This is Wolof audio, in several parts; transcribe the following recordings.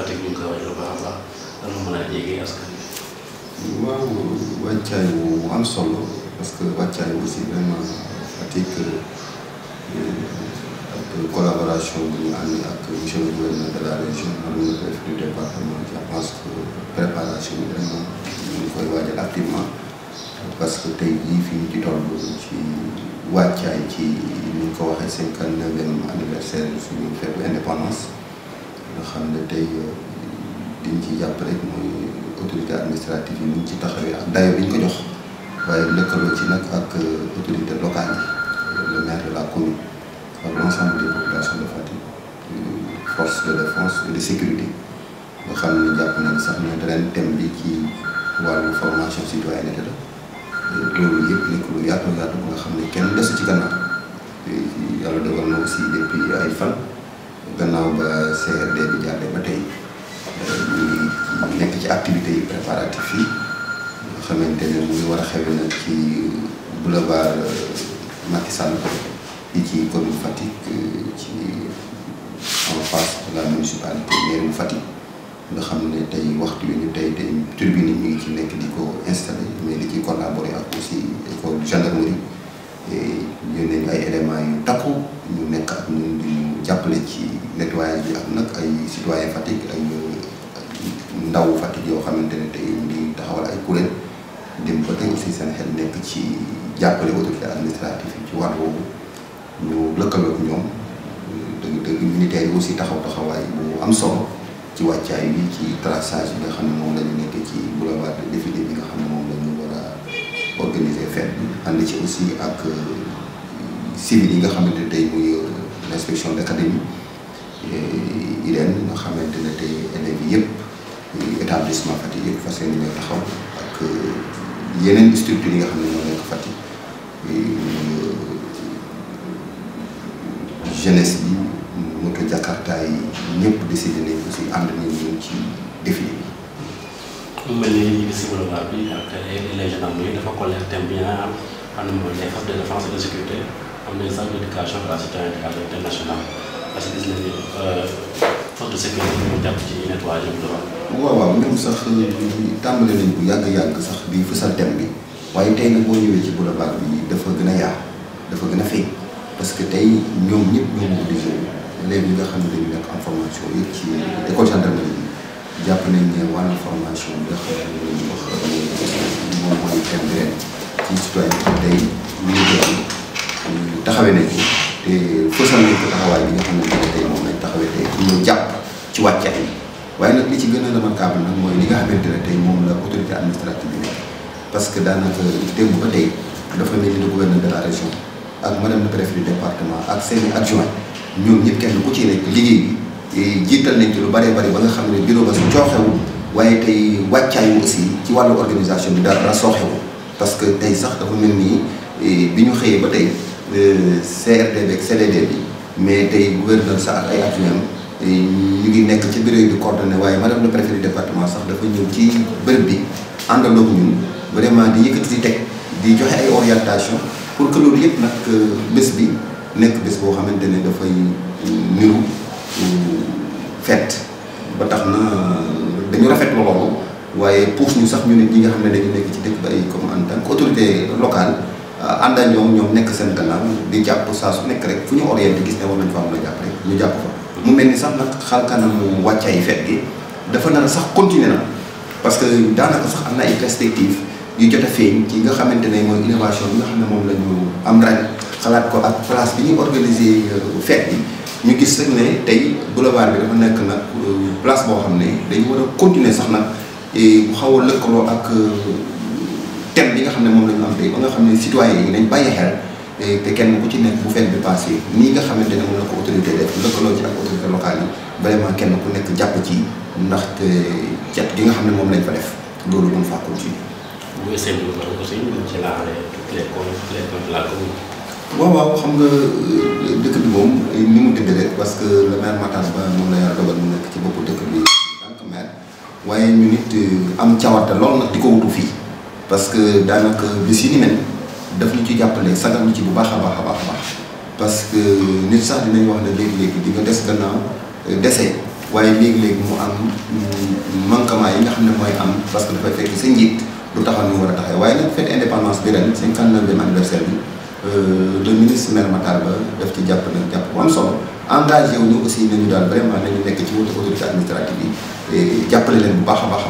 Fatick ñu waaw wàccaay wu am solo parce que wàccaay aussi vraiment Fatick euh, ak collaboration bu ànd ak monsieur le de la région ak le chef du département je que préparation bi vraiment ngi koy waajal activement parce que tey jii fi ñu toll ci wàccaay ci ni ñu ko waxee cinquante-neuvième anniversaire suñu fête indépendance. nga xam ne tey diñ euh, ci jàpp rek mooy autorité administrative yi niñ ci taxawee ak dayo bi ko jox waaye lëkkaloo ci nag ak euh, autorité locale yi euh, le maire la commune ak l'ensemble des populations de Fatick force de défense de sécurité nga xam ne jàpp nañ sax ne ren thème bi ci wàllu formation citoyenneté la loolu yëpp nekk lu yaatu nga xam ne kenn desu ci gannaaw yàlla dogal na aussi depuis ay fan gannaaw ba CRD bi jàllee ba tey ñu ngi nekk ci activités yi préparatifs yi nga xamante ne mu ngi war a xewee nag ci boulevard euh, Macky Sall di ci commune Fatick euh, ci en face la municipalité mairie bu Fatick nga xam ne tey waxtu wi ñu tey tribune yi ñu ngi ci nekk di ko installé mais di ci collaborer yoo xamante ne tey ñu ngi taxawal ay kuréel dem ba tey aussi seen xel nekk ci jàppale autorité administrative yi ci wàll boobu ñu lëkkaloo ak ñoom dëgg dëgg militaire yi aussi taxaw taxawaay bu am solo ci wàccaay bi ci traçage bi nga xam ne moom la ñu nekkee ci bi nga xam ne moom la ñu war a organiser fête bi ànd ci aussi ak euh, civil yi nga xamante ne tey muy euh, l'inspection d'académie euh, IREN nga xamante ne tey élèves yëpp établissement Fatick yëpp fas yéene ñoo taxaw ak euh, yeneen structures yi nga xam ne ñoo nekk Fatick euh, jeunesse bi moto jakarta yi ñëpp décidé nañ aussi ànd nañ ñun ci défi bi. mu mel ni ñu ngi si boulevard bi ak les gendarmes dafa collé thème bi nga xam ne mooy les forces de défense de sécurité am nañ sax éducation à la citoyenneté internationale parce que gis nañu. Euh, force de sécurité bi ñu jàpp ci bi dama. waaw waaw ñoom sax euh, tàmbale nañ bu yàgg-yàgg sax di fësal dem bi waaye tey nag boo ñëwee ci boulevard bi dafa gën a yaa dafa gën a feeñ parce que tey ñoom ñëpp ñoo ma obligé élèves yi nga xam ne dañu nekk en formation yëpp ci école gendarmerie bi jàpp nañ ne wàllu formation bi nga xam ne lañu wax euh, moom mooy thème bi ren ci citoyenneté tey ñu nañ ko te fësal nañ ko taxawaay bi nga xam tey moom lañ taxawee tey pour ñu jàpp ci wàccaay yi waaye nag li ci gën a remarquable nag mooy li nga xamante ne tey moom la autorité administrative bi parce que daanaka démb ba tey dafa mel ni le gouverneur de la région ak madame le préfet du département ak seeni adjoint ñoom ñëpp kenn ku ci nekk liggéey bi eh, jiital nañ ci lu bëree bëri ba nga xam ne bureau ba si cooxewul waaye tey wàccaayu aussi ci wàllu organisation bi dara sooxewul parce que tey sax dafa mel nii eh, bi ñu xëyee ba tey eh, CRD bi mais tey gouverneur sa ak ay adjoint ñu ngi nekk ci bureau yu di coordonné waaye madame le préfet du département sax dafa ñëw ci bërëb bi àndandoo ak ñun vraiment di yëkkati di teg di joxe ay orientation pour que loolu yëpp nag bés bi nekk bés boo xamante ne dafay niru fête ba tax na dañu rafet loolu waaye pousse ñu sax ñu nit ñi nga xam ne dañu nekk ci dëkk bi ay comme en tant que autorité locale ah, ànd ak ñoom ñoom nekk seen gannaaw di jàpp saa su nekk rek fu ñu orienté gis ne war nañ fa am la jàpp rek ñu jàpp fa mu mel ni sax nag xalkanam wàccaay fet gi dafa nar a sax continuer na parce que daanaka sax am na ay perspectives yu jot a feeñ ci nga xamante ne mooy innovation bi nga xam ne moom la ñu am ren xalaat ko ak place bi ñuy organiser euh, fête bi ñu gis rek tey boulevard bi dafa nekk nag euh, place boo xam ne dañu war a continuer sax nag bu xaw a lëkkaloo ak euh, thème bi nga xam ne moom la ñu am tey ba nga xam ne citoyens yi nañ bàyyi xel. te kenn ku ci nekk bu fenn bi passé nii nga xamante ne mën na koo autorité def lëkkaloo ci ak kenn ku nekk jàpp ci ndaxte cet gi nga xam ne moom lañ fa def loolu mën faa continuer. bu dee waaw waaw xam nga euh, dëkk bi moom euh, ni mu tëdd rek parce que le Ba moom la yàlla dogal mu nekk ci boppu dëkk bi tant que maire waaye ñu nit euh, am cawarte lool nag di ko wutu fii parce que daanaka bis yi mel. daf ñu ci jàppale sagal ñu ci bu baax a baax a baax a parce que nit sax dinañ wax ne léegi-léegi di nga des a euh, dese waaye léeg léegi mu am manquement yi nga xam ne mooy am parce que dafay fekk sa njiit lu taxaw ni mu war a taxee waaye nag fête indépendance bi ren cinquante-neuvième anniversaire bi euh, le ministre Maire Matar Ba daf ci jàpp nag jàpp bu am solo engagé wu ñu aussi nañu daal vraiment nañu nekk ci autorité administrative yi jàppale leen bu baax a baax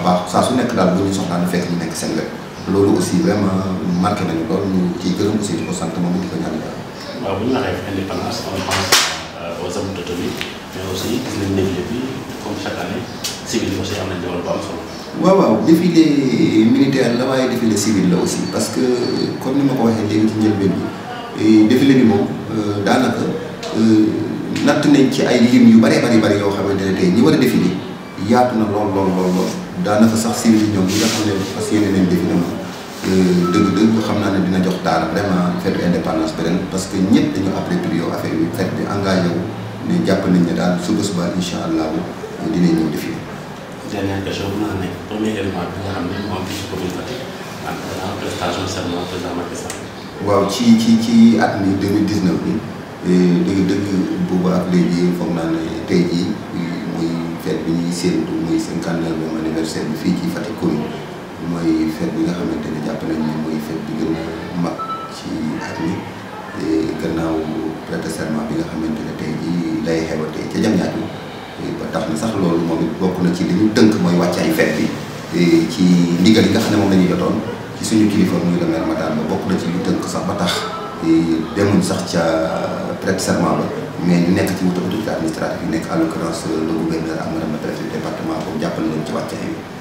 vraiment marqué nañu lool ñu ciy gërëm aussi di ko sant moom di ko ñaan yàlla. waaw bu ñu euh, waaw waaw défilé militaire la waaye défilé civil la aussi parce que comme ni ma ko waxee léegi ci njëlbeen bi eh, défilé bi moom euh, daanaka euh, natt nañ ci ay lim yu bëree bëri bëri yoo xamante ne tey ñi war a défilé yaatu na lool lool lool daanaka sax civil ñoom ñi nga ne fas yéene nañ défilé moom. dëgg-dëgg xam naa ne dina jox taal vraiment fête indépendance bi ren parce que ñëpp dañu approprié affaire bi fête bi engagé wu ne jàpp nañ daal suba suba incha allahu dinañ ñëw defi. dernière question mën naa ne premier xam ne prestation serment président Macky waaw ci ci ci at mi 2019 bi eh, dëgg-dëgg boobu ak léegi foog naa ne tey jii eh, muy fête bi ñuy séentu muy cinquante-neuvième anniversaire bi fii ci Fatick commune. mooy fête bi nga xamante ne jàpp nañ ni mooy fête bi gën a mag ci at mi gannaaw prêter serment bi nga xamante ne tey jii lay xew a tey ca Diamniadio ba tax na sax loolu moom it bokk na ci li ñu tënk mooy wàccaay fête bi ci ndigal yi nga xam moom la ñu jotoon ci suñu kilifa muy le maire Matar ba bokk na ci lu tënk sax ba tax demuñ sax ca prêter serment ba mais ñu nekk ci wutu autorité administrative yi nekk à l'occurrence euh, le gouverneur ak madame la préfète département boobu jàppale nañ ci wàccaay bi